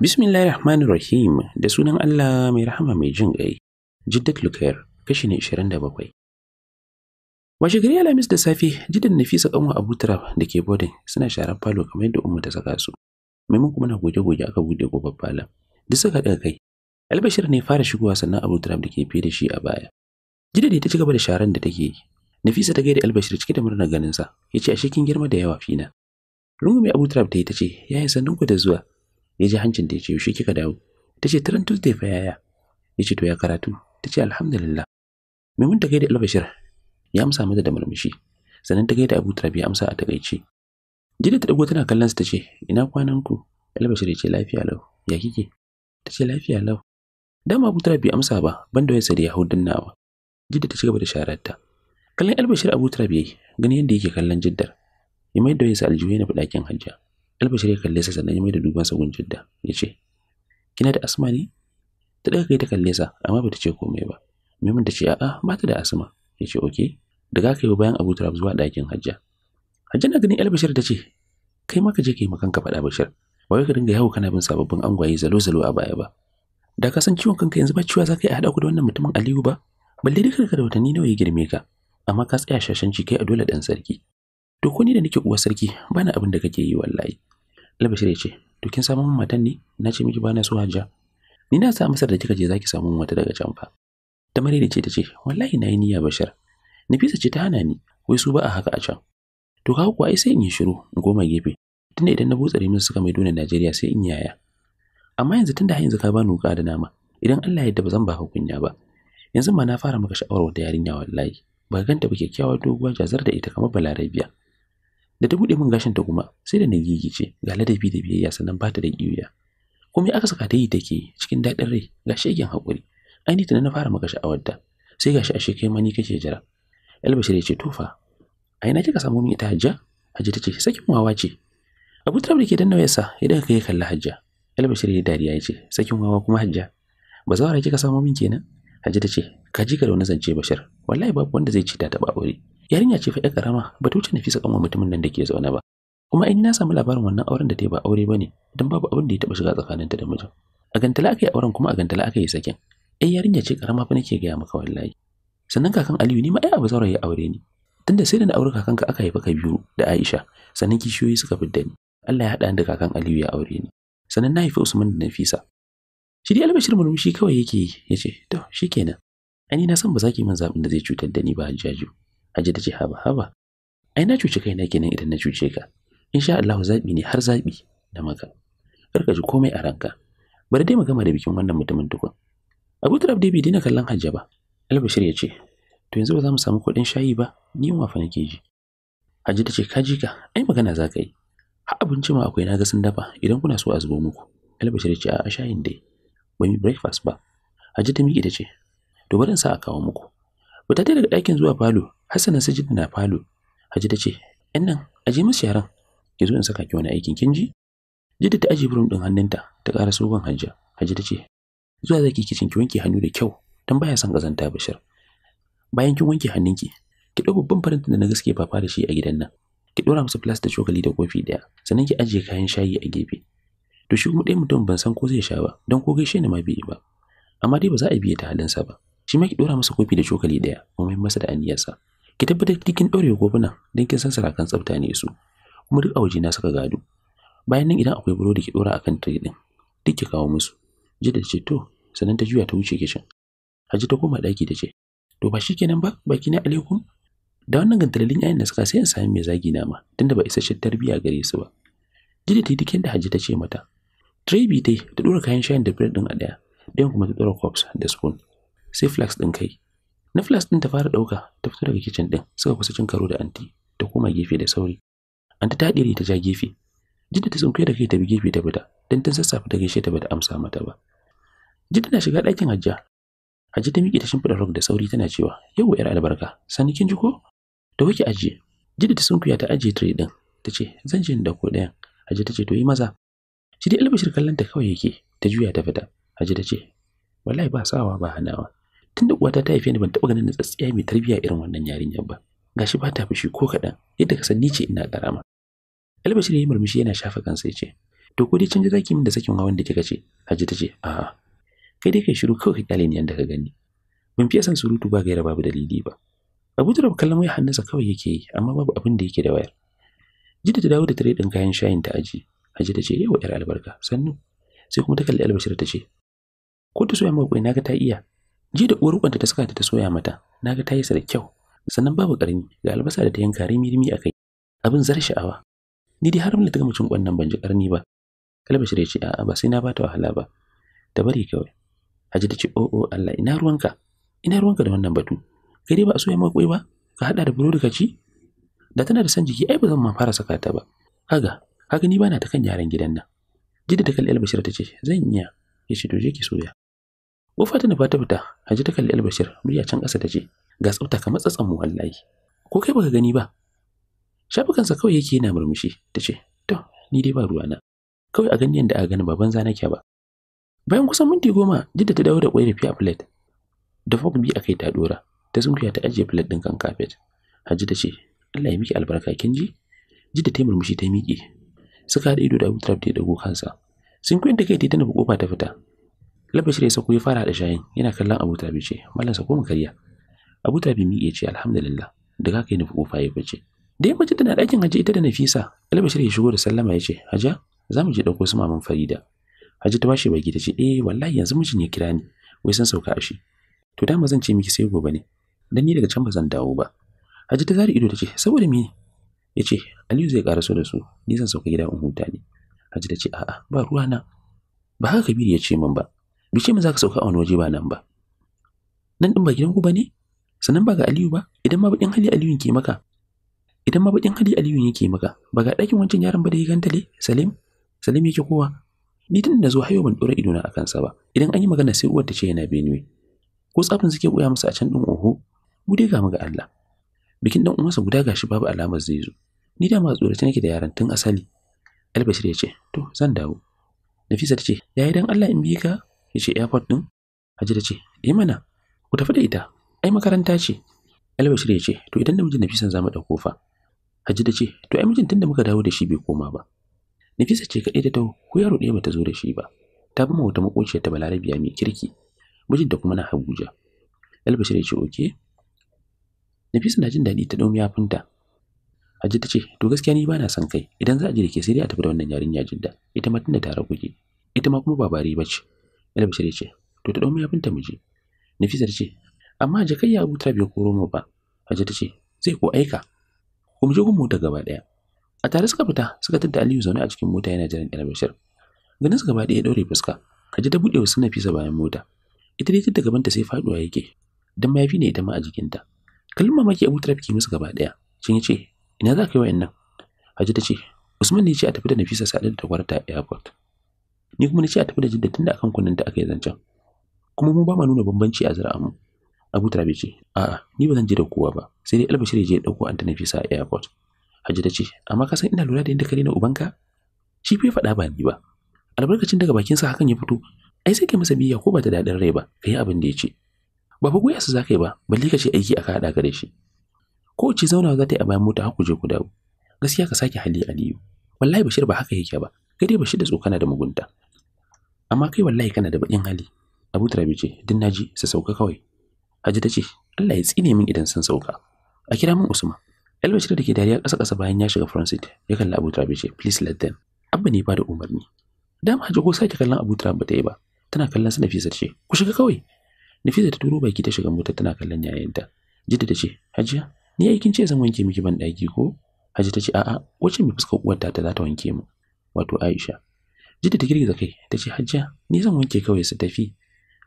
Bismillahir Rahmanir Rahim da sunan Allah mai rahama mai jin ƙai. Jiddat Lukair kashi ne 27. Washe gari Alhamis da safe, jiddan Nafisa kanwa Abu Turab da ke bodin suna sharar falo kamar yadda Umma ta saka su. Maimakon kuma na goge-goge aka buɗe gobar fala. Duk suka ɗaga kai. Albashir ne fara shigowa sannan Abu Turab da ke fiye da shi a baya. Jidda ne ta ci gaba da sharan da take yi, Nafisa ta gaida Albashir cike da murnar sa, ya ce ashe kin girma da yawa fina. Rungume Abu Turab ta yi tace, ce, yaya ku da zuwa. Ya ji hancin da ya ce, yaushe kika dawo? Ta ce, Tuesday fa yaya. Ya to ya karatu? Ta ce, alhamdulillah. Maimun ta gaida Albashir, ya amsa mata da murmushi. Sannan ta gaida Abu Turab ya amsa a takaice. Jida ta dago tana kallon ta ce, ina kwanan ku? Albashir ya ce, lafiya lau. Ya kike? Ta lafiya lau. Dama Abu Turab bai amsa ba, banda ya da Yahudun nawa. Jida ta ci gaba da shararta. kallon albashir abu turab yayi gani yadda yake kallon jiddar ya mai da wayarsa aljihu ya nufi ɗakin hajja albashir ya kalle sa sannan ya mai da dubansa gun jidda ya ce kina da asma ne ta daga kai ta kalle sa amma bata ce komai ba maimun ta ce a'a ba ta da asma ya ce ok daga kai bayan abu turab zuwa ɗakin hajja hajja na ganin albashir ta ce kai ma ka je kai makanka faɗa bashir ba wai ka dinga yawo kana bin sababbin angwaye zalo-zalo a baya ba da ka san ciwon kanka yanzu ba ciwa za ka yi haɗa ku da wannan mutumin Aliyu ba balle dai da watanni nawa ya girme ka amma ka tsaya shashan ci kai a dole dan sarki to ko da nake uwar sarki bana abin da kake yi wallahi Labashir ya ce to kin samu matan ne na ce miki bana so hajja ni na sa masar da kika je zaki samu wata daga can fa ta mare ce ta ce wallahi nayi niyya bashar. Nafisa ce ta hana ni wai su ba a haka a can to ka kuwa ai sai in yi shiru in goma gefe tunda idan na butsare min suka mai dunan Najeriya sai in yaya amma yanzu tunda har yanzu ka bani wuka da nama idan Allah ya yarda ba zan ba ka kunya ba yanzu ma na fara maka sha'awar wata yarinya wallahi ba ganta ba kyakkyawa doguwa jazar da ita kamar balarabiya da ta buɗe min gashin ta kuma sai da na ce ga ladabi da biyayya sannan ba ta da ƙiyuya kuma aka saka ta yi take cikin daɗin rai ga shegen haƙuri ai ta na fara maka sha'awar ta sai gashi ashe kai mani kake jira Albashir ya ce tofa a ina kika samu min ita hajja hajja ta ce sakin wawa ce Abu Turab da ke danna wayarsa ya daga kai kalla Hajja. Albashir ya dariya ya ce, "Sakin wawa kuma Hajja, ba zawara kika samo min kenan?" Haji ta ce, "Ka ji ka da wani zance Bashir, wallahi babu wanda zai ci ta taɓa aure." Yarinya ce fa ƴar karama, ba ta wuce Nafisa kama mutumin nan da ke zaune ba. Kuma in na samu labarin wannan auren da ta yi ba aure ba ne don babu abin da ya taɓa shiga tsakaninta da mijin. A gantala aka yi auren kuma a gantala aka yi sakin. Ai yarinya ce karama fa nake gaya maka wallahi. Sannan kakan Aliyu ni ma ai abu zaurayi aure ni. Tunda sai da na aure kakanka aka haifa ka biyu da Aisha, sannan kishiyoyi suka fidda ni. Allah ya haɗa da kakan Aliyu ya aure ni. Sannan na haifi Usman da Nafisa, Shi dai albashir murmushi kawai yake yi, ya ce, To, shi kenan. Ani na san ba za ki min zaɓin da zai cutar da ni ba Hajjaju. Hajji ta ce, Haba, haba. Ai na cuci kaina kenan idan na cuce ka. Insha Allah zaɓi ne har zaɓi da maka. Karka ji komai a ranka. Bari dai mu gama da bikin wannan mutumin tukun. Abu Turab dai bai daina kallon Hajja ba. Albashir ya ce, To yanzu ba za mu samu kuɗin shayi ba, ni yunwa fa nake ji. Hajji ta ce, Ka ji ka, ai magana za ka yi. Har abinci ma akwai na ga sun dafa idan kuna so a zubo muku. Albashir ya ce, A'a shayin dai. ba mu breakfast ba Haji ta miƙe ta ce to bari in sa a kawo muku Ba ta daga ɗakin zuwa falo Hassanin Sajid na falo Haji ta ce ƴan nan aje musu yaran ki zo in saka ki wani aikin kin ji Jidda ta ajiye burin ɗin hannunta ta ƙara sogon Hajja aji ta ce zuwa zaki kicin ki wanke hannu da kyau dan baya son kazanta Bashir bayan kin wanke hannunki ki ɗau babban farin da na gaske fafa da shi a gidan nan ki ɗora masa flas da cokali da kofi ɗaya sannan ki ajiye kayan shayi a gefe to shi kuma ɗaya mutum ban san ko zai sha ba don ko gaishe ni ma bai ba amma dai ba za a biye ta halinsa ba shi ma ki dora masa kofi da cokali ɗaya mu mai masa da aniyarsa ki tabbatar kin ɗaure kofuna don kin san sarakan tsafta ne su kuma duk a waje na saka gado bayan nan idan akwai burodi ki dora akan tire din duk ki kawo musu jidda ce to sannan ta juya ta wuce kishin haji ta koma ɗaki ta ce to ba shikenan ba baki ne alaikum da wannan gantalalin yayin da suka sai in sami mai zagi na ma tunda ba shi tarbiya gare su ba jida ta yi da haji ta ce mata Trebi dai ta ɗora kayan shayin da bread ɗin a daya dan kuma ta dora cups da spoon. Sai flax ɗin kai. Na flax ɗin ta fara ɗauka ta fita daga kicin ɗin suka kusa cin karo da anti ta koma gefe da sauri. Anti ta dire ta ja gefe. Jidda ta tsinkuya da kai ta bi gefe ta fita don tun sassafe ta gaishe ta bata amsa mata ba. Jidda na shiga ɗakin hajja. Hajji ta miƙe ta shimfiɗa da sauri tana cewa yau ‘yar albarka sani kin ji ko? Da wuki aje. Jidda ta sunkuya ta ajiye tray din ta ce zan je da ko ɗayan. Hajji ta ce to yi maza shi dai albashir kallon ta kawai yake ta juya ta fita haji ta ce wallahi ba sawa ba hanawa tunda uwata ta haife ni ban taɓa ganin tsatsiya mai tarbiyya irin wannan yarinyar ba gashi ba ta fushi ko kaɗan yadda ka san ni ce ina karama albashir ya yi murmushi yana shafa kansa ya ce to ko dai canji zaki min da sakin hawan da kika ce haji ta ce a'a kai dai kai shiru kawai ka kyale ni yanda ka gani ban fiye san surutu ba gaira babu dalili ba abu da kallon wai hannunsa kawai yake yi amma babu abin da yake da wayar jidda ta dawo da tare ɗin kayan shayin ta aji Haji ta ce yawa ‘yar albarka sannu sai kuma ta kalli albashir ta ce ko ta soya maka na naga ta iya je da uwar kwanta ta saka ta soya mata naga ta yi sa da kyau sannan babu karami ga albasa da ta yanka rimi rimi kai. abin zar sha'awa ni dai har mun ta gama cin kwannan ban ji karni ba albashir ya ce a'a ba sai na bata wahala ba ta bari kawai Haji ta ce o oh, o oh, Allah ina ruwanka ina ruwanka da wannan batu kai dai ba a soya maka ba ka hada da burodi ka ci da tana da san jiki ai ba zan ma fara saka ta ba kaga kaga ni bana ta kan yaran gidan nan jidda ta kalli albashir ta ce zan iya ya ce to je ki soya Wufa ta nufa ta fita haji ta kalli albashir murya can ƙasa ta ce ga tsafta kamar tsatsan mu wallahi ko kai baka gani ba shafukansa kawai yake yana murmushi ta ce to ni dai ba ruwa na. kawai a gani yadda a gani baban zana kya ba bayan kusan minti goma jidda ta dawo da ƙwai rufi a plate da fog bi kai ta dora ta sunkuya ta ajiye filet din kan kafet haji ta ce Allah ya miki albarka kin ji jidda ta murmushi ta miƙe suka haɗa ido da Abu Turab da ya dago kansa sun kwanta kai ta kofa ta fita da ya sako ya fara da shayin yana kallon Abu Turab ce Mallam sako mu karya Abu Turab mi ya ce alhamdulillah da kai yi nufi kofa ya fice da ya fice tana ɗakin Haji ita da Nafisa da ya shigo da sallama ya ce Hajja, za mu je ɗauko su maman Farida Haji ta bashi baki ta ce eh wallahi yanzu mijin ya kira ni wai san sauka a shi to dama zan ce miki sai gobe ne dan ni daga can ba zan dawo ba Haji ta zari ido ta ce saboda mi ya ce aliyu zai so da su ni zan sauka gida in huta ne hajji ta ce a'a ba ruwa na ba haka kabiru ya ce min ba bi ce min za ka sauka a wani waje ba nan ba nan din ba gidan ku ba ne sannan ba ga aliyu ba idan ma baƙin hali aliyu ke maka idan ma baƙin hali aliyun yake maka ba ga ɗakin wancan yaron ba da ya gantale salim salim yake kowa ni tun da zo hayo ban ɗora idona a kansa ba idan an yi magana sai uwar ta ce yana benue ko tsafin suke koya masa a can ɗin oho mu dai ga mu ga Allah bikin dan uwansa guda gashi babu alamar zai zo ni da ma tsorata nake da yaran tun asali albashir ya ce to zan dawo nafisa ta ce yayi dan Allah in bi ka ya ce airport din haji ce eh mana ku tafi da ita ai makaranta ce albashir ya ce to idan namijin Nafisa za mu dauko fa haji ce to ai mijin tun da muka dawo da shi bai koma ba nafisa ce kaɗai ta taho ko yaro ɗaya bata zo da shi ba ta bi wata makociyar ta balarabiya mai kirki mijin da kuma na Abuja albashir ya ce oke nafisa na jin daɗi ta ɗau yafinta Hajji ta ce, "To gaskiya ni ba na son kai, idan za a ji da ke sai dai a tafi da wannan yarinya jidda, ita ma tunda tare kuke, ita ma kuma ba bari ba ce." Elbashir ya ce, "To ta dau abin mu je." Nafisa ta ce, "Amma jakayya Abu Turab ya koro mu ba." Hajji ta ce, "Zai ko aika." Kuma je ku mota gaba daya. A tare suka fita, suka tada Aliyu zaune a cikin mota yana jiran Elbashir. Ganin su gaba ɗaya ya daure fuska, Hajji ta buɗe wasu Nafisa bayan mota. Ita dai gaban gabanta sai faduwa yake, dan mayafi ne ita ma a jikinta. Kalmar mamaki Abu Turab ke musu gaba daya. Shin ya ce, ina za ka yi nan? Haji ta ce Usman ne ce a tafi da Nafisa Sa'adatu ta tagwarta a airport ni kuma na ce a tafi da Jidda tunda akan kunnin da aka yi zancen kuma mu ba ma nuna bambanci a zara'a mu Abu Turabe ce a'a ni ba zan je da kowa ba sai dai Albashir ya je ya dauko Anta Nafisa a airport Haji ta ce amma ka san ina lura da yadda ka na ubanka shi fa faɗa ba ni ba albarkacin daga sa hakan ya fito ai sai kai masa biyya ko ba ta daɗin rai ba ka yi abin da ya ce ba fa goya su za ka yi ba balle ka ce aiki aka haɗa ka da shi ko ce zauna za ta yi a bayan mota haku ku je ku dawo gaskiya ka sake hali aliyu wallahi bashir ba haka yake ba kai dai bashir da na da mugunta amma kai wallahi kana da bakin hali abu turabi ce din naji su sauka kawai haji ta ce allah ya tsine min idan sun sauka a kira min usman albashir da ke dariya ƙasa ƙasa bayan ya shiga front seat ya kalli abu turabi ce please let them abba ne ba da umarni dama haji ko sake kallon abu turabi ta yi ba tana kallon su nafisa ce ku shiga kawai nafisa ta turo baki ta shiga mota tana kallon yayinta jidda ta ce hajiya ni aikin ce zan wanke miki ban ko haji ta ce a'a wacce mai fuskar uwar ta za ta wanke mu wato aisha jidda ta girgiza kai ta ce hajja ni zan wanke kawai su tafi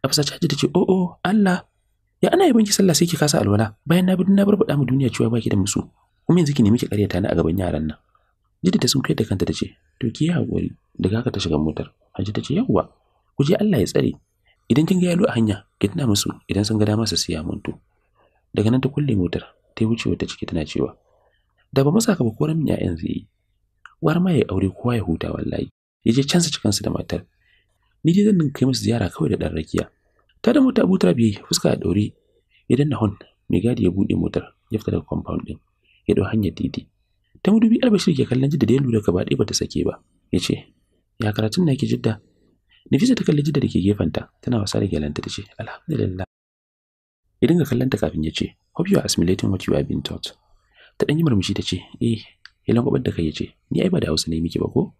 a fasace Haji ta ce o oh, oh, allah ya ana yi banki sallah sai ki kasa alwala bayan na bi na barbaɗa mu duniya cewa baki da musu kuma yanzu ki nemi ki karyata ni a gaban yaran nan jidda ta sunkuyar da kanta ta ce to ki yi haƙuri daga haka ta shiga motar hajji ta ce yawwa ku je allah ya tsare idan kin ga yalo a hanya ki tuna musu idan sun ga dama su siya mun daga nan ta kulle motar ta yi wucewa ta ciki tana cewa da ba masa ba koran ya yanzu yi war ma ya aure kowa ya huta wallahi ya je can su da matar ni dai zan kai musu ziyara kawai da dan rakiya ta da mota abuta yi, fuska a daure Idan na hon mai gadi ya bude motar ya fita daga compound din ya dau hanyar titi ta mudubi albashir ke kallon jidda da ya lura gaba ɗaya bata sake ba ya ce ya karatun na yake jidda Nafisa ta kalli jidda da ke gefenta tana wasa da gyalanta ta ce alhamdulillah ya dinga kallanta kafin ya ce hope you are assimilating what you have been taught ta dan yi murmushi ta ce eh ya langwabar da kai ya ce ni ai ba da hausa ne miki ba ko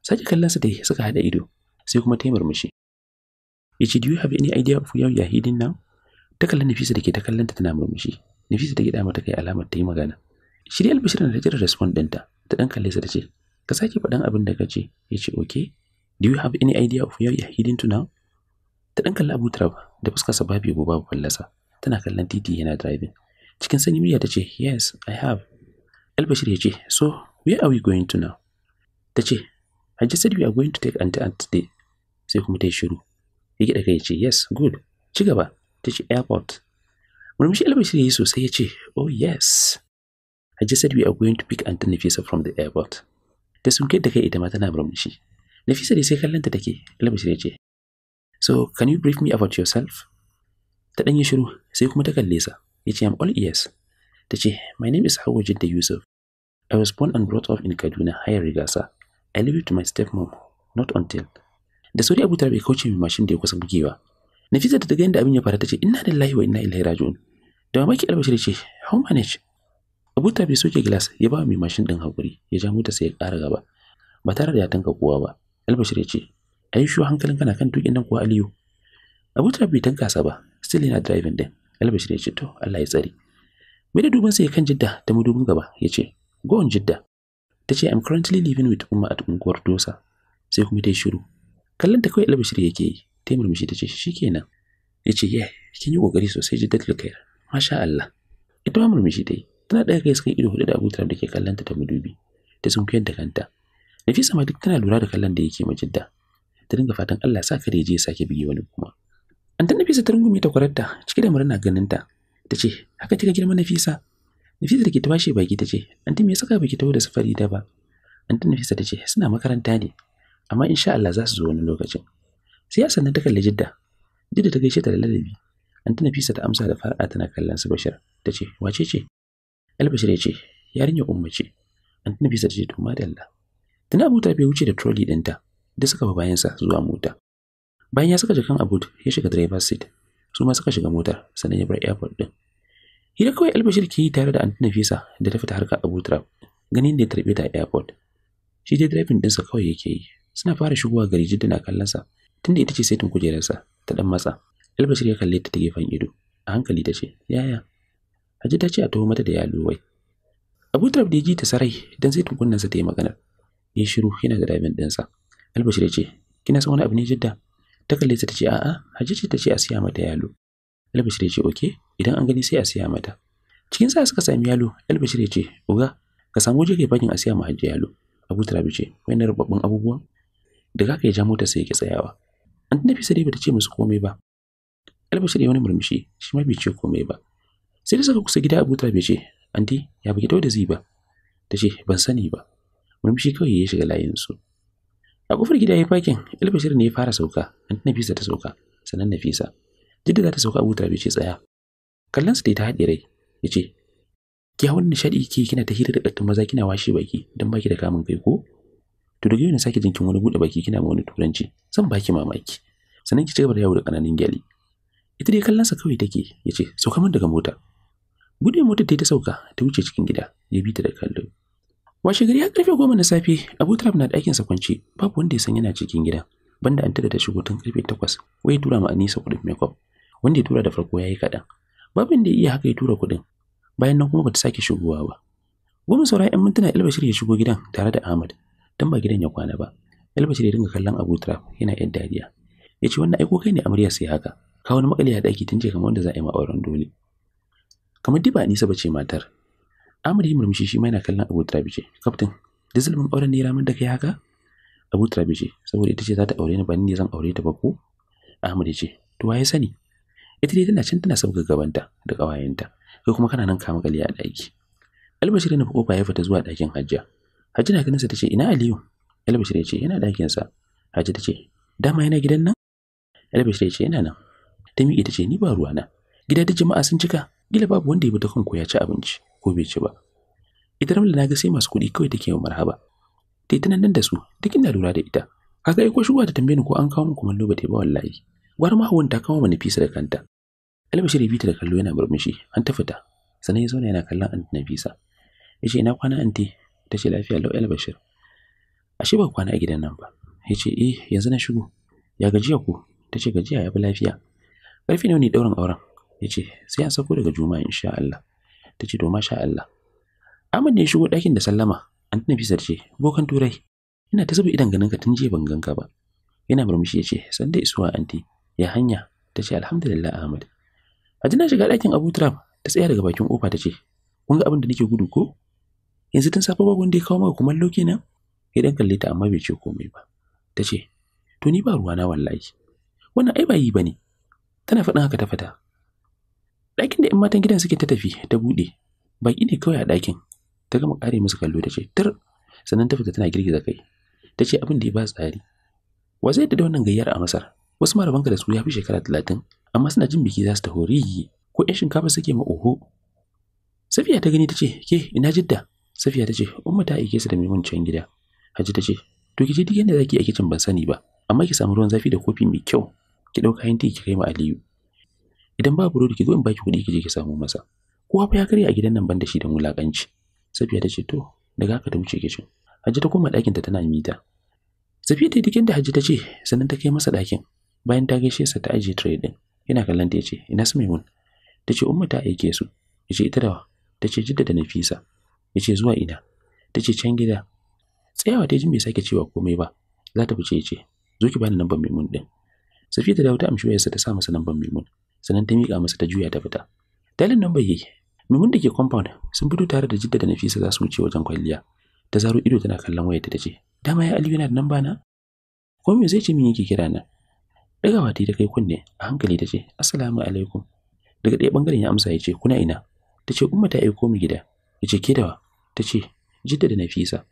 sake kallon sa dai suka hada ido sai kuma ta yi murmushi ya ce do you have any idea of where you are hidden now ta kallon Nafisa da ke ta kallanta tana murmushi Nafisa ta gida mata kai alamar ta yi magana Shirya albishir na ta jira respond ɗinta ta dan kalle sa ta ce ka sake faɗan abin da ka ce ya ce okay do you have any idea of where you are hidden ta dan kalli Abu da fuskar sa babu babu fallasa tana kallon titi yana driving cikin sanyi murya ta ce yes i have albashir ya ce so where are we going to now ta ce i just said we are going to take aunty aunt today sai kuma ta yi shiru ya gida kai ya ce yes good ci gaba ta ce airport murmushi albashir ya yi sosai ya ce oh yes i just said we are going to pick aunty nafisa from the airport ta sunke da kai ita ma tana murmushi nafisa dai sai kallon ta take albashir ya ce so can you brief me about yourself ta ɗan ya shiru sai kuma ta kalle sa ya ce am all ears ta ce my name is Hawa Jidda Yusuf I was born and brought up in Kaduna Hayar Rigasa I live with my stepmom not until da sauri Abu Tarab kauce mai mashin da ya kusa bugewa Nafisa ta daga yadda abin ya fara, ta ce inna lillahi wa inna ilaihi raji'un da mamaki Albashir ce how manage Abu Tarab soke glass ya ba mai mashin din hakuri ya ja mota sai ya ƙara gaba ba tare da ya tanka kowa ba Albashir ya ce a yi hankalin kana kan tukin nan kuwa aliyu abu bai tankasa ba still yana driving din albashir ya ce to Allah ya tsare mai da dubansa ya kan jidda ta madubin gaba ya ce go on jidda ta ce i'm currently living with umma at unguwar dosa sai kuma ta yi shiru kallon ta kawai albashir yake yi ta yi murmushi ta ce shikenan ya ce yeah kin yi kokari sosai jidda kai masha Allah ita ma murmushi ta tana ɗaya kai sukan ido hudu da tare da ke kallon ta ta mudubi. ta sunkuyar da kanta Nafisa ma duk tana lura da kallon da yake ma jidda ta dinga fatan Allah sa kada je sake bige wani kuma an tana nafisa ta rungume ta kwararta cike da murna ganin ta ce haka kika girma nafisa nafisa da ke ta washe baki ta ce Anti me ya saka baki taho da safari da ba an tana nafisa ta ce suna makaranta ne amma insha Allah za su zo wani lokacin sai ya sannan ta kalle jidda jidda ta gaishe ta da ladabi an tana nafisa ta amsa da fara'a tana kallon su bashir ta ce wace ce albashir ya ce yarinya umma ce an tana nafisa ta ce to madalla tana buta bai wuce da trolley ta. da suka ba bayansa zuwa mota Bayan ya saka jakan a ya shiga driver seat. Su ma suka shiga motar, sannan ya bar airport din. Hira kawai Albashir ke yi tare da Antina visa da ta fita harka Abu Trap, ganin da ya tarbe ta airport. Shi dai driving sa kawai yake yi. Suna fara shigowa gari jidda na kallonsa, tunda ita ce saitin kujerarsa, ta dan matsa. Albashir ya kalle ta ta gefen ido. A hankali ta ce, yaya, Hajji ta ce a taho mata da wai Abu trap da ji ta sarai don sai sa ta yi maganar. Ya shiru yana da rabin ɗinsa. Albashir ya ce, Kina san wani abu ne jidda? ta kalle ta ce a'a hajji ce ta ce a siya mata yalo albashir ya ce oke idan an gani sai a siya mata cikin sa suka sami yalo albashir ya ce uga ka samu waje kai fakin a siya ma hajji yalo abu turabi ce na rubabban abubuwan da kaka ya ja mota sai ke tsayawa an tafi sai bata ce musu komai ba albashir ya wani murmushi shi ma bai ce komai ba sai da suka kusa gida abu turabi ce anti ya baki da zai ba ta ce ban sani ba murmushi kawai ya shiga layinsu a kofar gida ya fakin ilbashir ne ya fara sauka an nafisa ta sauka sannan nafisa jidda za ta sauka abu tarabe ce tsaya kallon su ta haɗe rai ya ce ki hawan nishaɗi ke kina ta hirar da ƙattun maza kina washe baki don baki da kamun kai ko to daga yau na sake jinkin wani buɗe baki kina ma wani turanci zan baki mamaki sannan ki ci gaba da yawo da ƙananan gyali ita dai kallon sa kawai take ya ce sauka min daga mota buɗe motar ta yi ta sauka ta wuce cikin gida ya bi ta da kallo Washe gari ya karfe goma na safe, Abu Turab na sa kwance, babu wanda ya san yana cikin gida. Banda Anta da ta shigo tun karfe takwas, wai tura ma Anisa kuɗin makeup, wanda ya tura da farko ya yi kaɗan. Babin da ya iya haka ya tura kuɗin, bayan nan kuma bata sake shigowa ba. Goma saura ɗan mintuna Elbashir ya shigo gidan tare da Ahmad, dan ba gidan ya kwana ba. Elbashir ya dinga kallon Abu Turab yana yan dariya. Ya ce wannan aiko kai ne amarya sai haka, ka wani makali a ɗaki tun je kamar wanda za a yi auren dole. Kamar diba Anisa ce matar, Amir ya murmushi shi ma yana kallon Abu Trabije. Kaftin, dizil disulmin auren ne ramar da kai haka?" Abu Trabije, "Saboda ita ce za ta aure ni ba ni zan aure ta ba ko?" ya ce, "To waye sani?" Ita dai tana can tana sauka gabanta da kawayenta, kai kuma kana nan kama kali a ɗaki. Albashir na kofa ya fita zuwa ɗakin Hajja. Hajja na ganin sa tace, "Ina Aliyu?" Albashir ya ce, "Yana dakin sa." Hajja tace, "Dama yana gidan nan?" Albashir ya ce, "Yana nan." Ta miƙe tace, "Ni ba ruwana." Gida da jama'a sun cika, gila babu wanda ya bi ta ya ci abinci. ko bai ci ba ita ramla na ga sai masu kuɗi kawai take wa marhaba tai tana nan da su duk ina lura da ita kaga ai ko shuwa ta tambaye ni ko an kawo min kumallo ba ta ba wallahi gwar ma hawan ta kawo mana fisa da kanta albashir ya bita da kallo yana murmushi an ta fita sannan ya zauna yana kallon anti fisa. ya ce ina kwana anti ta ce lafiya lau albashir ashe ba kwana a gidan nan ba ya ce eh yanzu na shigo ya gajiya ko ta ce gajiya ya fi lafiya ƙarfi ne wani ɗaurin auren ya ce sai an sako daga juma'a insha Allah ta ce to masha Allah Ahmad ne ya shigo ɗakin da sallama an tuna fisar ce bokan turai ina ta zuba idan ganin tun jiya ban ganka ba yana murmushi ya ce sanda isuwa anti ya hanya ta ce alhamdulillah Ahmad Hajina shiga ɗakin Abu Turab ta tsaya daga bakin kofa ta ce kun ga abin da nake gudu ko yanzu tun safe babu wanda ya kawo maka kumallo kenan ya dan kalle ta amma bai ce komai ba ta ce to ni ba ruwa na wallahi wannan ai ba yi bane tana faɗin haka ta fata ɗakin da 'yan matan gidan suke ta tafi ta buɗe baƙi ne kawai a ɗakin ta gama ƙare musu kallo ta ce tir sannan ta fita tana girgiza kai ta ce abin da ya ba tsari wa zai da wannan gayyar a masar wasu marabanka da su ya fi shekara talatin amma suna jin biki za su taho riyi ko 'yan shinkafa suke ma oho safiya ta gani ta ce ke ina jidda safiya ta ce umma ta aike su da mai wancan gida Haji ta ce to ki je duk yadda zaki a kicin ban sani ba amma ki samu ruwan zafi da kofi mai kyau ki ɗauka yin ki kai ma aliyu idan ba burodi ki zo in baki kuɗi ki je ki samu masa kowa fa ya karya a gidan nan banda shi da mulakanci safiya ta ce to daga haka ta wuce ke kicin Haji ta koma ɗakinta tana mita safiya ta yi dikin da Haji ta ce sannan ta kai masa ɗakin bayan ta gaishe sa ta ajiye tray din yana kallon ta ce, ina su maimun ta ce umma ta aike su yace ita dawa ta ce jidda da nafisa yace zuwa ina ta ce can gida tsayawa ta ji bai sake cewa komai ba za ta fice yace zo ki bani lambar maimun ɗin. safiya ta dawo ta amshi wayarsa ta sa masa lambar maimun sannan ta miƙa masa ta juya ta fita dalin nan bai mimun da ke compound sun fito tare da jidda da nafisa za su wuce wajen kwalliya ta zaro ido tana kallon wayarta ta ce dama ya aliyu yana da namba na ko me zai ce min yake kira na wata ta kai kunne a hankali ta ce assalamu alaikum daga ɗaya bangaren ya amsa ya ce kuna ina ta ce umma ta aiko mu gida ya ce ke dawa ta ce jidda da nafisa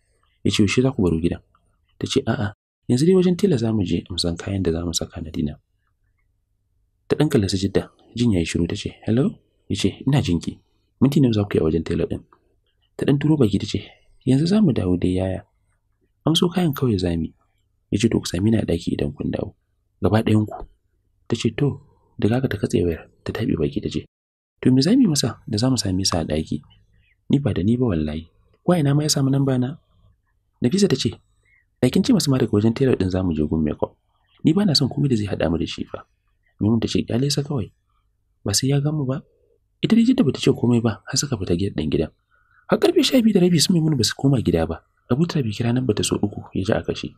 ya ce yaushe za ku baro gidan ta ce a'a yanzu dai wajen tela za mu je amsan kayan da za mu saka na dina ta ɗan kallasa jidda jin yayi shiru ta ce hello ya ce ina jinki minti ne za ku yi a wajen tailor ɗin ta ɗan turo baki ta ce yanzu za mu dawo dai yaya amso kayan kawai zami ya ce to ku sami na ɗaki idan kun dawo gaba ɗayan ku ta ce to daga haka ta katse wayar ta taɓe baki ta ce to me zami masa da za mu same sa a ɗaki ni ba da ni ba wallahi waye na ma ya samu nan bana Nafisa ta ce ɗakin ce masu mara daga wajen tailor ɗin za mu je gun makeup ni ba na son komai da zai haɗa mu da shi fa Mimun ta ce kyale sa kawai. Ba sai ya gamu ba. Ita dai jidda bata ce komai ba har suka fita gidan gidan. Har karfe 12 da rabi su Mimun ba su koma gida ba. Abu bai kira nan bata so uku ya ji a kashe.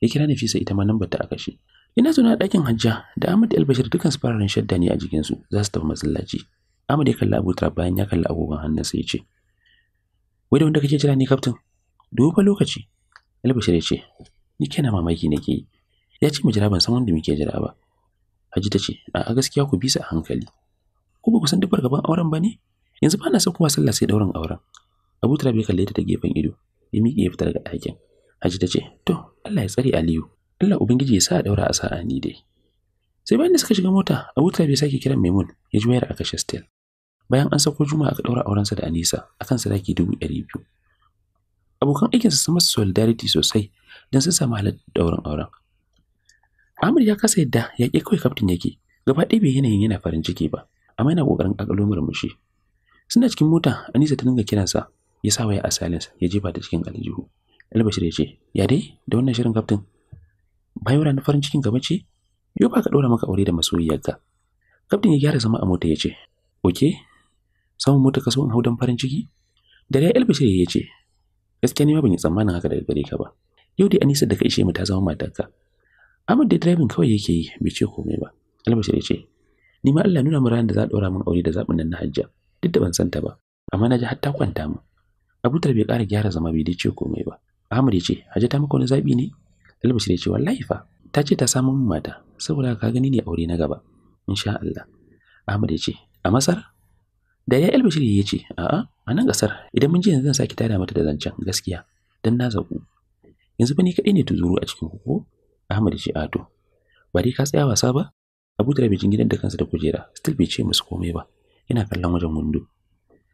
Ya kira Nafisa ita ma nan bata a kashe. Ina zaune a ɗakin Hajja da Ahmad Albashir dukan su fararen shadda ne a jikinsu za su tafi masallaci. Ahmad ya kalli Abu bayan ya kalli agogon sai ya ce, Wai da wanda kake jira ne kaftin? Dubu fa lokaci. Albashir ya ce, Ni kana mamaki nake yi. Ya ce mu jira ban san wanda muke jira ba. Haji ta ce, "A'a gaskiya ku bisa a hankali." Ku ba ku san duk gaban auren ba ne? Yanzu ba na son kuma sallah sai dauran auren. Abu Turab ya kalle ta da gefen ido, ya miƙe ya fita daga ɗakin. Haji ta ce, "To, Allah ya tsare Aliyu. Allah Ubangiji ya sa a daura a sa'a ni dai." Sai bayan da suka shiga mota, Abu Turab ya sake kiran Maimun, ya ji wayar a kashe stel. Bayan an sako Juma'a aka daura aurensa da Anisa akan sadaki dubu ɗari biyu. Abokan aikinsa sun masa solidarity sosai don sun samu halar dauran auren. Amir ya kasa yadda ya ƙi kawai kaftin yake, gaba ɗaya bai yanayin yana farin ciki ba, amma yana ƙoƙarin ƙaƙalo murmushi. Suna cikin mota, Anisa ta dinga kiransa, ya sa waya a silence, ya jefa ta cikin aljihu. Albashir ya ce, "Ya dai, da wannan shirin kaftin, bayan ranar farin cikin gaba ce, yau ba ka ɗora maka aure da masoyiyarka." Kaftin ya gyara zama a mota ya ce, "Oke, samun mota ka so in hau don farin ciki?" Dare Albashir ya ce, "Gaskiya ne ma ban yi tsammanin haka daga gare ka ba. Yau dai Anisa da ka ishe mu ta zama matarka." Ahmad dai driving kawai yake yi bai ce komai ba. Albashir ya ce, Ni ma Allah nuna mu da za a ɗora min aure da zaɓin nan na hajja, duk da ban san ta ba, amma na ji har ta kwanta mu. Abutar bai ƙara gyara zama bai ce komai ba. Ahmad ya ce, Hajja ta maka wani zaɓi ne? Albashir ya ce, Wallahi fa, ta ce ta samu min mata, saboda ka gani ne aure na gaba. Insha Allah. Ahmad ya ce, A Masar? Da ya Albashir ya ce, A'a, a nan kasar. idan mun je yanzu zan sake tada mata da zancen gaskiya, don na zabu Yanzu ba ni kaɗai ne tuzuru a cikin ko Ahmad ya ce Ado, ah, to ba dai ka tsaya wasa ba Abu Dara bai gidan da kansa da kujera still bai ce musu komai ba yana kallon wajen windo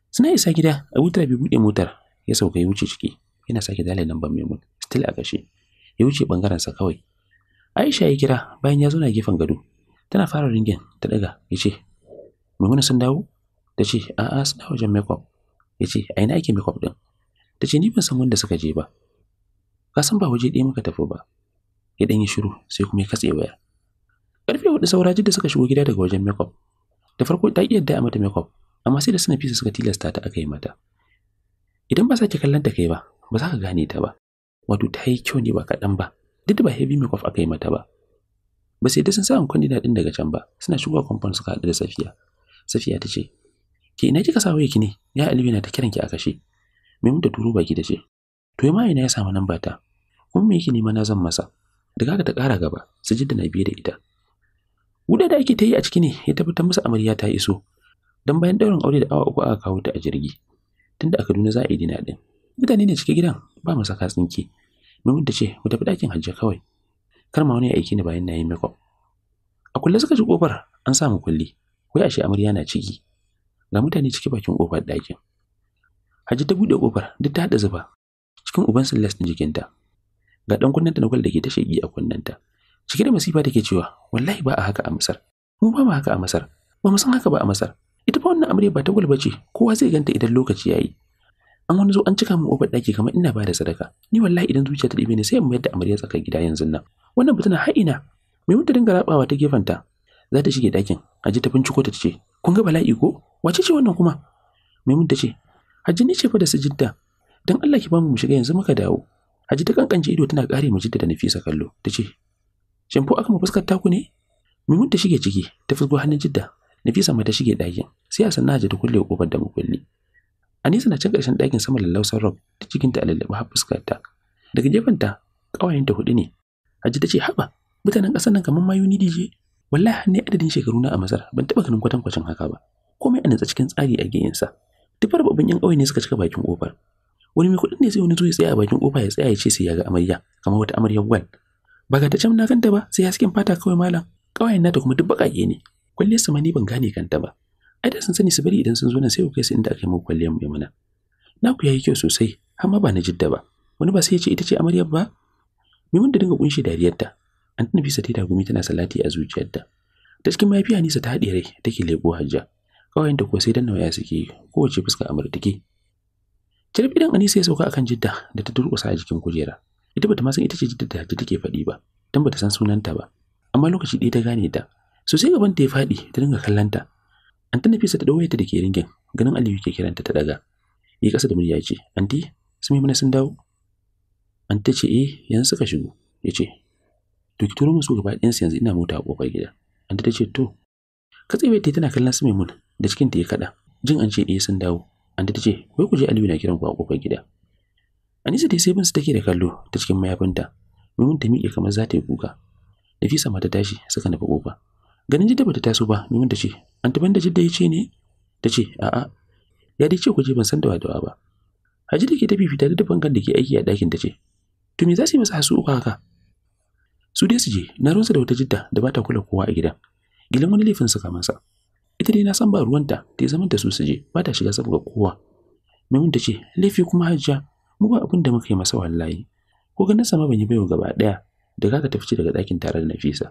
suna isa gida Abu Dara bai bude motar ya sauka ya wuce ciki yana sake dalilin lambar Maimun still a kashe ya wuce bangaren sa kawai Aisha ya kira bayan ya zo na gefen gado tana fara ringin ta daga ya ce Maimun sun dawo ta ce a sun dawo wajen makeup ya ce a ina ake makeup din ta ce ni ban san wanda suka je ba ka san ba waje ɗaya muka tafi ba ya yi shiru sai kuma ya katse wayar karfe huɗu saura da suka shigo gida daga wajen makeup da farko ta iya da mata makeup amma sai da suna fisa suka tilasta ta aka yi mata idan ba sa ke kallon ta kai ba ba za ka gane ta ba wato ta yi kyau ne ba kaɗan ba duk da ba heavy makeup aka yi mata ba ba sai da sun sa ankon na ɗin daga can ba suna shigowa kwamfan suka haɗu da safiya safiya ta ce ke ina kika sa wayarki ne ya alibi na ta kiran ki a kashe maimun ta turo baki ta ce to ma ina ya samu nan ta kuma me yake nema na zan masa da kaga ta ƙara gaba sujidda na biye da ita wuda da ake ta yi a ciki ne ya tabbatar masa amarya ta iso don bayan ɗaurin aure da awa uku aka kawo ta a jirgi tunda a Kaduna za a yi dina ɗin mutane ne cike gidan ba mu saka tsinke mun ta ce mu tafi ɗakin hajji kawai kar ma wani ya aiki ni bayan na yi makeup a kulle suka ji kofar an samu kulli ko ashe amarya na ciki ga mutane cike bakin kofar ɗakin hajji ta buɗe kofar duk ta haɗa zuba cikin uban sillas ɗin jikinta ga dan kunnanta ta na da ke ta shege a kunnenta. cike da masifa take cewa wallahi ba a haka a Masar mu ba mu haka a Masar ba mu san haka ba a Masar ita fa wannan Amarya ba ta gulba ce kowa zai ganta idan lokaci yayi an wani zo an cika mu ofar daki kamar ina bada sadaka ni wallahi idan zuciya ta dibe ni sai mu yadda amarya tsaka gida yanzu nan wannan butuna har ina mai mun dinga rabawa ta gefenta za ta shige dakin aji ta binciko ta ce kun ga bala'i ko wace ce wannan kuma mai mun ta ce hajji ni ce fa da sujidda dan Allah ki bamu mu shiga yanzu muka dawo Haji ta kankance ido tana kare mu jidda da Nafisa kallo. Ta ce, "Shamfo aka mu fuskar ku ne?" Mimun ta shige ciki, ta fusgo hannun jidda. Nafisa ma ta shige dakin sai a sanna Haji ta kulle kofar da mukulli. Anisa na cin ƙarshen ɗakin sama lallausar rob ta cikinta a lallaba har ta Daga ta ƙawayenta huɗu ne. Haji ta ce, "Haba, mutanen ƙasar nan kamar mayuni dije. Wallahi har ne adadin shekaru na a Masar, ban taɓa ganin kwatankwacin haka ba. Komai a nan cikin tsari a geyinsa. Tufar babban 'yan kauye ne suka cika bakin kofar wani mai kuɗin ne sai wani zo ya tsaya a bakin kofa ya tsaya ya ce sai ya ga amarya kamar wata amaryar gwal ba ga ta can na ganta ba sai ya hasken fata kawai malam ƙawayen nata kuma duk baƙaƙe ne kwalle su mani ban gane kanta ba ai da sun sani su bari idan sun zo nan sai ku kai su inda aka yi muku kwalliyar maimuna na ku yayi kyau sosai har ma ba na jidda ba wani ba sai ya ce ita ce Amarya ba maimun da dinga kunshi dariyarta an tuna bisa ta gumi tana salati a zuciyarta ta cikin mafiya nisa ta haɗe rai take leƙo hajja ƙawayen da ko sai dan nawaya suke kowace fuska amurtake dan Anisa ya sauka akan Jidda da ta durƙusa a jikin kujera. Ita bata ma san ita ce Jidda da ta take faɗi ba, dan bata san sunanta ba. Amma lokaci ɗaya ta gane ta. So sai gaban ta ya faɗi ta dinga kallon ta. Anta Nafisa ta dawo ta da ke ringin, ganin Aliyu ke kiranta ta daga. Yi ƙasa da murya ce, "Anti, su mana sun dawo?" Anta ce, "Eh, yanzu suka shigo." Ya ce, "To ki turo musu gaba ɗayansu yanzu ina mota a ƙofar gida." Anta ta ce, "To." Katsewe ta tana kallon su Maimun da cikin ta ya kada. Jin an ce, "Eh, sun dawo." Anta ta ce, "Wai ku je Aliyu na kiran ku a kofar gida." Anisa ta sai binsu take da kallo ta cikin mayafinta, domin ta miƙe kamar za ta yi kuka. Nafisa ma ta tashi suka nufi kofa. Ganin jidda bata taso ba, domin ta ce, "Anta banda jidda ya ce ne?" Ta ce, "A'a, ya dai ce ku je ban san dawa dawa ba." Haji da ke tafi fita da dafan kan da ke aiki a ɗakin ta ce, "To me za su yi masa hasu uku haka?" Su dai su je, na rusa da wata jidda da ba ta kula kowa a gidan. Gilan wani laifin suka masa. ita dai na san ba ruwanta ta zama da su su je ba ta shiga saboda kowa maimun ta ce laifi kuma hajja mu ba abin da muka yi masa wallahi ko ganin sama ban yi bayo gaba daya da kaka ta fice daga ɗakin tare da Nafisa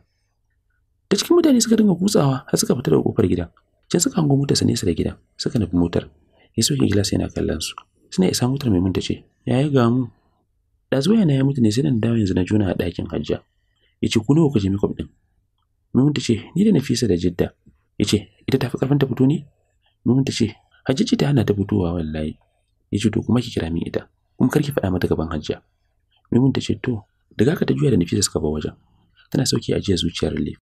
da cikin mutane suka dinga kutsawa har suka fita daga kofar gidan can suka hango motar sa nesa da gidan suka nufi motar ya soke gilas yana kallon su suna isa motar maimun ta ce yayi ga mu da zuwa ya mutu ne sai nan dawo yanzu na juna a ɗakin hajja ya ce ku nawa ka je makeup din maimun ta ce ni da Nafisa da Jidda ya ce ita tafi karfin ta fito ne Numin ta ce hajjaji ta hana ta fitowa wallahi ya ce to kuma ki kira min ita kuma kar ki faɗa mata gaban hajjia Numin ta ce to daga haka ta juya da Nafisa suka ba wajen tana sauki a jiya zuciyar Lif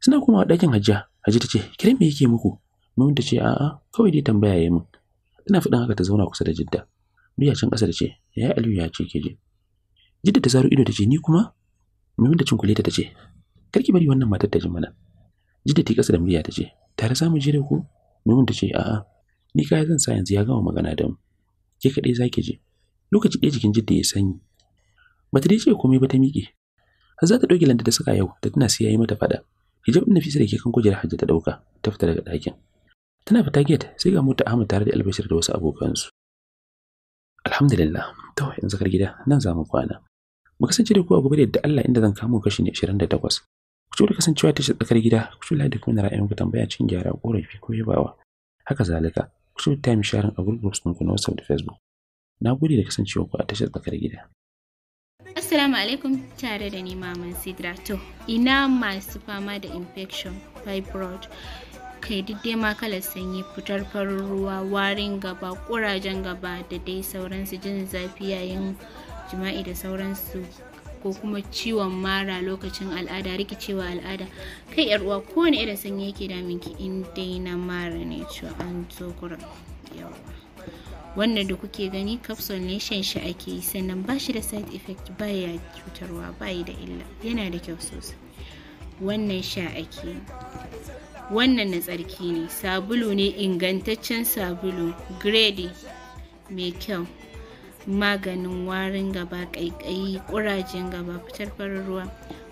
suna a ɗakin hajjia hajji ta ce kiran me yake muku Numin ta ce a'a kawai dai tambaya yi min tana faɗin haka ta zauna kusa da Jidda biya can ƙasa da ce ya yi Aliyu ya ce ke je Jidda ta zaro ido ta ce ni kuma Numin ta cinkule ta ce karki bari wannan matar ta ji mana ji da kasa da murya ta ce, "Tare samu mu je da ku?" Maimun ta ce, "A'a, ni kaya zan sa yanzu ya gama magana da mu. Ke kaɗai zaki je." Lokaci ɗaya jikin Jidda ya sanyi. Bata dai ce komai ba ta miƙe. Har za ta ɗauke landa da saka yau, ta tana sai yi mata faɗa. Hijab ɗin Nafisa da ke kan kujerar Hajji ta ɗauka, ta fita daga dakin. Tana fita gate sai ga mota Ahmad tare da Albashir da wasu abokansu. Alhamdulillah, to yanzu kar gida nan za mu kwana. Mu kasance da ku a gobe da Allah inda zan kamo kashi ne 28. ku da kasancewa tashar tsakar gida ku tula da kuma ra'ayin ku tambaya cikin gyara korafi ko yabawa haka zalika ku ta mi sharing a group groups ɗinku na WhatsApp da Facebook na gode da kasancewa ku a tashar tsakar gida Assalamu alaikum tare da ni Maman Sidra to ina masu fama da infection fibroid kai diddai ma kalar sanyi fitar farin ruwa warin gaba kurajen gaba da dai sauransu jin zafi yayin jima'i da sauransu ko kuma ciwon mara lokacin al'ada rikicewa al'ada kai yar uwa kowane irin sanyi yake damin ki in dai na mara ne to an tsokura yawa wannan da kuke gani capsule ne shan shi ake yi sannan ba shi da side effect ya cutarwa ba yi da illa yana da kyau sosai wannan sha ake wannan na tsarki ne sabulu ne ingantaccen sabulu grade mai kyau maganin warin gaba kaikayi ƙurajen gaba fitar farin ruwa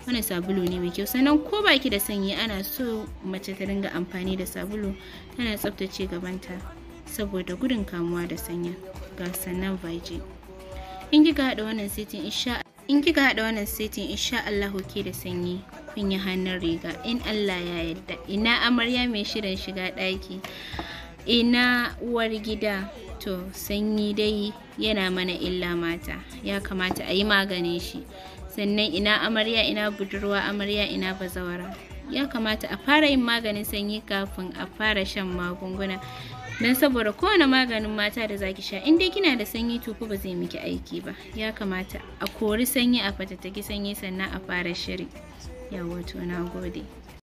wannan sabulu ne mai kyau sannan ko baki da sanyi ana so mace ta dinga amfani da sabulu tana tsaftace gabanta saboda gudun kamuwa da sanya ga sannan vaje in kika haɗa wannan setin insha in kika Allah ke da sanyi kun yi hannun riga in Allah ya yarda ina amarya mai shirin shiga ɗaki ina uwar gida to sanyi dai yana mana illa mata ya kamata a yi maganin shi sannan ina amarya ina budurwa amarya ina bazawara ya kamata a fara yin maganin sanyi kafin a fara shan magunguna don saboda kowane maganin mata da zaki sha in dai kina da sanyi to ba zai miki aiki ba ya kamata a kori sanyi a fatattaki sanyi sannan a fara shiri yawoto to na gode